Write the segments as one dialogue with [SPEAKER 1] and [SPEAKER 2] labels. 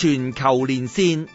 [SPEAKER 1] 全球連線。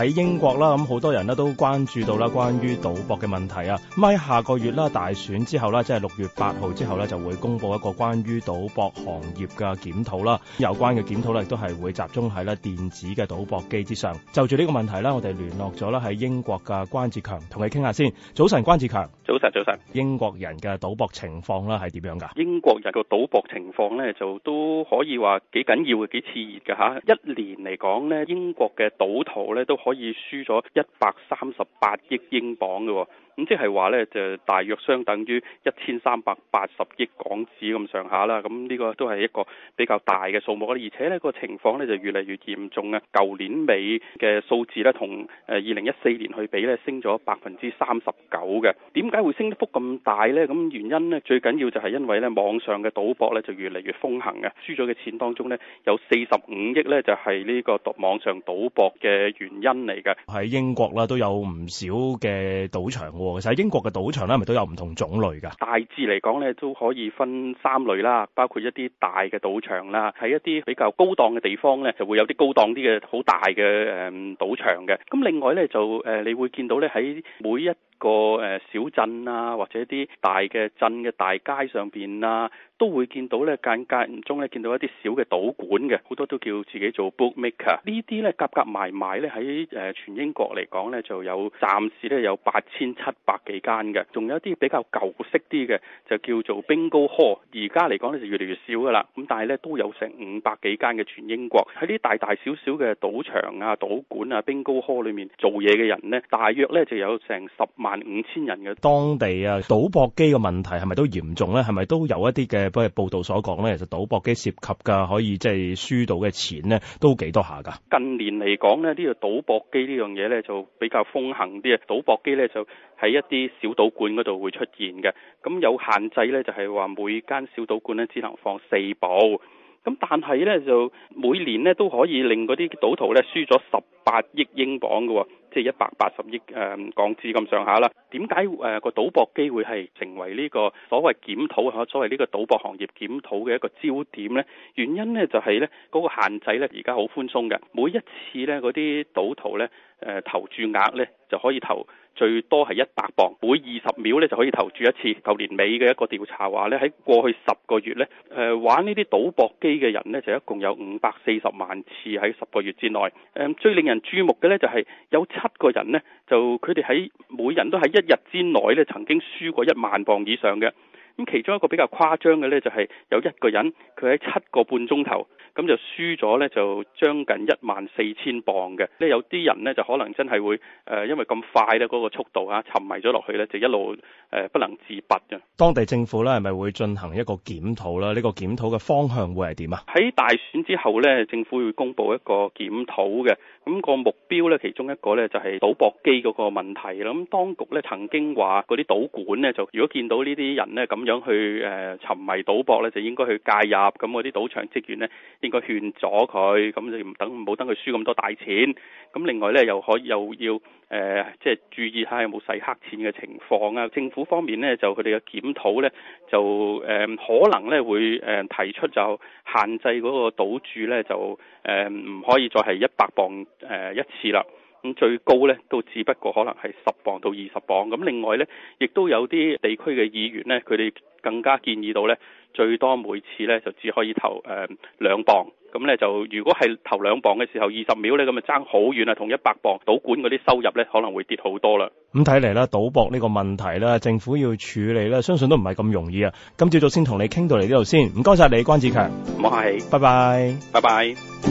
[SPEAKER 1] 喺英國啦，咁好多人咧都關注到啦，關於賭博嘅問題啊。咪下個月啦，大選之後啦，即係六月八號之後咧，就會公布一個關於賭博行業嘅檢討啦。有關嘅檢討咧，亦都係會集中喺咧電子嘅賭博機之上。就住呢個問題啦，我哋聯絡咗啦喺英國嘅關志強，同佢傾下先。早晨，關志強，早晨，早晨。英國人嘅賭博情況咧係點樣噶？
[SPEAKER 2] 英國人嘅賭博情況咧就都可以話幾緊要嘅，幾熾熱嘅吓。一年嚟講咧，英國嘅賭徒咧都可以輸咗一百三十八億英鎊嘅喎。咁即係話咧，就大約相等於一千三百八十億港紙咁上下啦。咁呢個都係一個比較大嘅數目啦。而且呢個情況咧就越嚟越嚴重啊！舊年尾嘅數字咧，同誒二零一四年去比咧，升咗百分之三十九嘅。點解會升得幅咁大呢？咁原因呢，最緊要就係因為咧網上嘅賭博咧就越嚟越風行嘅。輸咗嘅錢當中呢，有四十五億咧就係賭呢個網上賭博嘅原因嚟嘅。
[SPEAKER 1] 喺英國啦都有唔少嘅賭場。其實喺英國嘅賭場咧，咪都有唔同種類㗎。
[SPEAKER 2] 大致嚟講咧，都可以分三類啦，包括一啲大嘅賭場啦，喺一啲比較高檔嘅地方咧，就會有啲高檔啲嘅好大嘅誒賭場嘅。咁另外咧就誒、呃，你會見到咧喺每一那個誒小鎮啊，或者啲大嘅鎮嘅大街上邊啊，都會見到呢間間中呢，見到一啲小嘅賭館嘅，好多都叫自己做 bookmaker。呢啲呢，夾夾埋埋呢，喺誒全英國嚟講呢，就有暫時呢，有八千七百幾間嘅，仲有啲比較舊式啲嘅就叫做 Bingo Hall。而家嚟講呢，就越嚟越少噶啦，咁但係呢，都有成五百幾間嘅，全英國喺啲大大小小嘅賭場啊、賭館啊、Bingo Hall 裏面做嘢嘅人呢，大約呢，就有成
[SPEAKER 1] 十萬萬五千人嘅當地啊，賭博機嘅問題係咪都嚴重呢？係咪都有一啲嘅，不係報道所講呢？其實賭博機涉及㗎，可以即係、就是、輸到嘅錢呢都幾多下㗎？
[SPEAKER 2] 近年嚟講呢，呢、這個賭博機呢樣嘢呢就比較風行啲啊。賭博機呢就喺一啲小賭館嗰度會出現嘅。咁有限制呢，就係、是、話每間小賭館呢只能放四部。咁但係呢，就每年呢都可以令嗰啲賭徒呢輸咗十八億英鎊㗎喎。即係一百八十億誒港紙咁上下啦。點解誒個賭博機會係成為呢個所謂檢討吓，所謂呢個賭博行業檢討嘅一個焦點呢？原因呢就係呢嗰個限制呢，而家好寬鬆嘅，每一次呢嗰啲賭徒呢，誒投注額呢就可以投。最多係一百磅，每二十秒咧就可以投注一次。舊年尾嘅一個調查話咧，喺過去十個月咧，誒玩呢啲賭博機嘅人咧，就一共有五百四十萬次喺十個月之內。誒最令人注目嘅咧、就係，就係有七個人呢，就佢哋喺每人都喺一日之內咧，曾經輸過一萬磅以上嘅。咁其中一個比較誇張嘅呢，就係有一個人佢喺七個半鐘頭咁就輸咗呢，就將近一萬四千磅嘅。咧有啲人呢，就可能真係會誒，因為咁快咧嗰個速度啊，沉迷咗落去呢，就一路誒不能自拔嘅。
[SPEAKER 1] 當地政府呢，係咪會進行一個檢討啦？呢個檢討嘅方向會係點啊？
[SPEAKER 2] 喺大選之後呢，政府會公佈一個檢討嘅。咁個目標呢，其中一個呢，就係賭博機嗰個問題啦。咁當局呢，曾經話嗰啲賭館呢，就如果見到呢啲人呢。咁。想去誒沉迷賭博咧，就應該去介入咁。嗰啲賭場職員呢，應該勸阻佢咁，就唔等唔好等佢輸咁多大錢。咁另外呢，又可以又要誒，即係注意下有冇洗黑錢嘅情況啊。政府方面呢，就佢哋嘅檢討呢，就誒可能呢會誒提出就限制嗰個賭注呢，就誒唔可以再係一百磅誒一次啦。咁最高呢都只不過可能係十磅到二十磅。咁另外呢，亦都有啲地區嘅議員呢，佢哋更加建議到呢，最多每次呢就只可以投誒兩磅。咁呢，就如果係投兩磅嘅時候，二十秒呢咁啊爭好遠啊，同一百磅賭館嗰啲收入呢可能會跌好多啦。
[SPEAKER 1] 咁睇嚟啦，賭博呢個問題啦，政府要處理啦，相信都唔係咁容易啊。今朝早先同你傾到嚟呢度先，唔該晒你，關志強。唔好客氣，拜拜。
[SPEAKER 2] 拜拜。